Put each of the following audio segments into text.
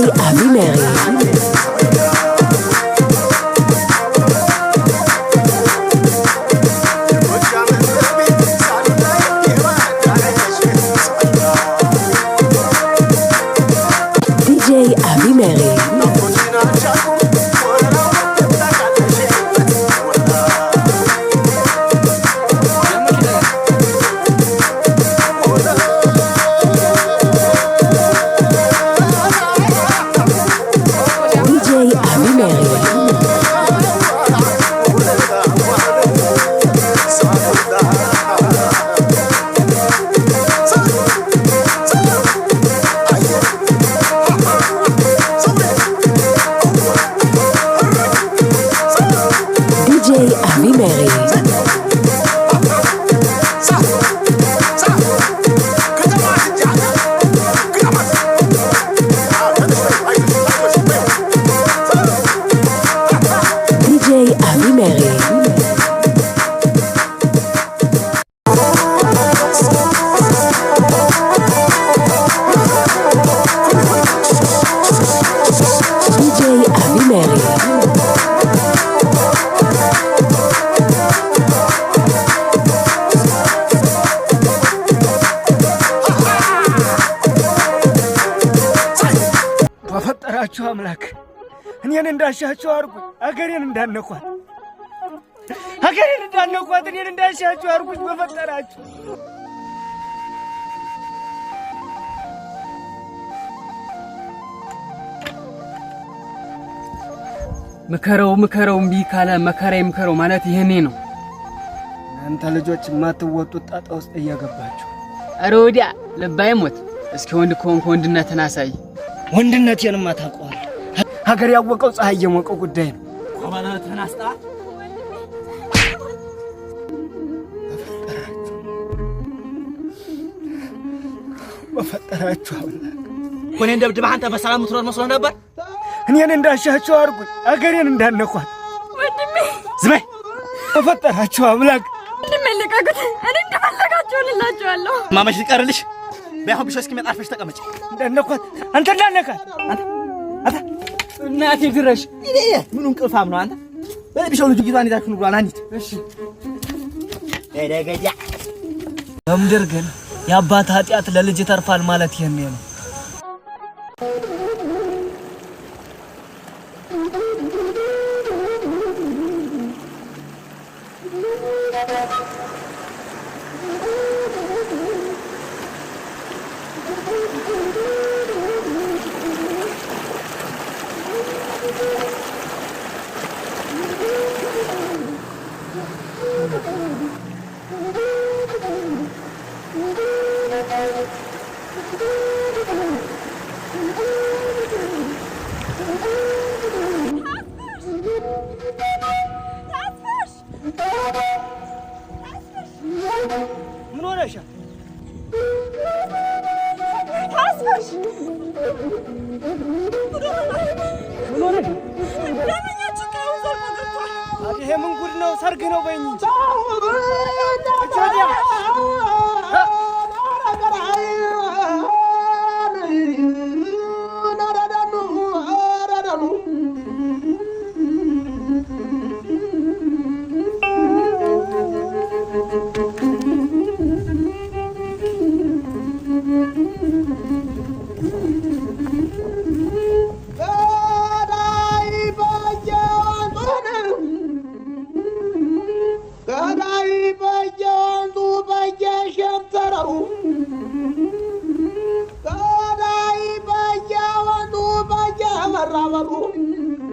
Michael DJ Mary. ጠራችሁ አምላክ እኔን እንዳሻችሁ አርጉ። አገሬን እንዳነኳት አገሬን እንዳነኳት እኔን እንዳሻችሁ አርጉች በፈጠራችሁ። ምከረው ምከረው፣ እምቢ ካለ መከራ ይምከረው ማለት ይሄኔ ነው። እናንተ ልጆች የማትወጡት ጣጣ ውስጥ እየገባችሁ፣ ኧረ ወዲያ ልባይ ሞት። እስኪ ወንድ ከሆንክ ወንድነትን አሳይ። ወንድነቴንማ ታውቀዋለህ። ሀገር ያወቀው ፀሐይ የሞቀው ጉዳይ ነው። በፈጠራችሁ እኔ ደብድበህ አንተ በሰላም መስሎህ ነበር። እኔን እንዳሻቸው አድርጉኝ፣ አገሬን እንዳነኳት። ወንድሜ በፈጠራችሁ አምላክ እኔ ማመሽ ይቀርልሽ በአሁን ቢሾ እስኪመጣ አርፈሽ ተቀመጭ። እንዳነኳት አንተ እንዳነካት አንተ አንተ እናቴ ድረሽ ምኑ እንቅልፋም ነው አንተ ቢሾ ልጁ ጌታን ይዛችሁ ብሏል። አንዲት እሺ ደደገጃ በምድር ግን የአባት ኃጢአት ለልጅ ይተርፋል ማለት ይሄን ነው። ይሄ ምን ጉድ ነው? ሰርግ ነው በይኝ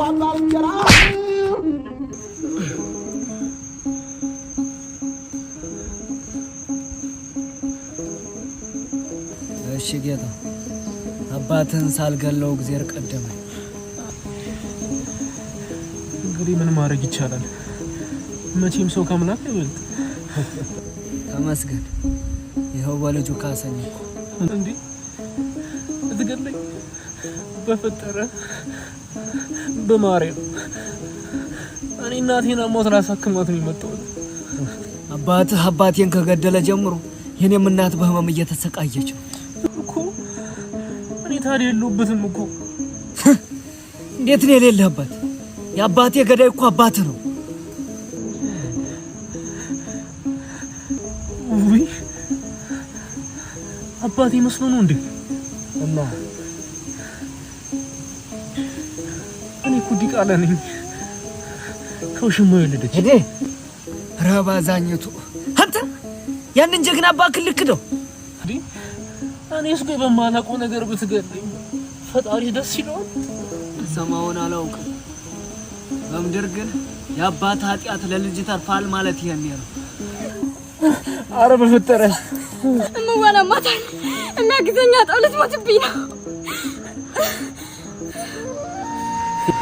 የተሟላ እንጀራ እሺ ጌታ አባትህን ሳልገለው እግዜር ቀደመ። እንግዲህ ምን ማድረግ ይቻላል? መቼም ሰው ከአምላክ አይበልጥ። ተመስገን፣ ይኸው በልጁ ካሰኝ። እንዴ እትገለኝ በፈጠረ በማሬ ነው። እኔ እናቴን አሟት ላሳክማት ነው የመጣሁት። አባትህ አባቴን ከገደለ ጀምሮ የኔም እናት በህመም እየተሰቃየች ነው እኮ። እኔ ታዲያ የለሁበትም እኮ። እንዴት ነው የሌለህበት? የአባቴ ገዳይ እኮ አባትህ ነው። አባቴ መስሎ ነው እንዴ? እና ዲቃላ ነኝ። ከውሽማ የወለደች እዴ ረባዛኝቱ አንተ ያንን ጀግና እባክህ ልክ ነው። እኔስ ቆይ በማላውቀው ነገር ብትገለኝ ፈጣሪ ደስ ይለዋል። ሰማውን አላውቅም። በምድር ግን የአባት ኃጢአት ለልጅ ተርፋል ማለት ይሄን ነው። አረ በፈጠረሽ እምዋላ ማታ እና ግዘኛ ጣውለት ሞትብኝ ነው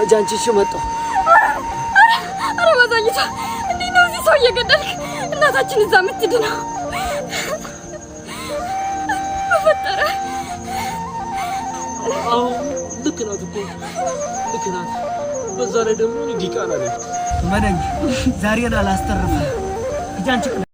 እጅ አንቺ መጣሁ። ኧረ ባዛኝቷ እንዴት ነው እዚህ ሰው እየገደልክ እናታችን እዛ የምትድነው? በፈጠረ አዎ፣ ልክ ናት እኮ ልክ ናት። በዛ ላይ ደግሞ ዲቃላ ነች። መደኝ ዛሬን አላስተርፍም እጅ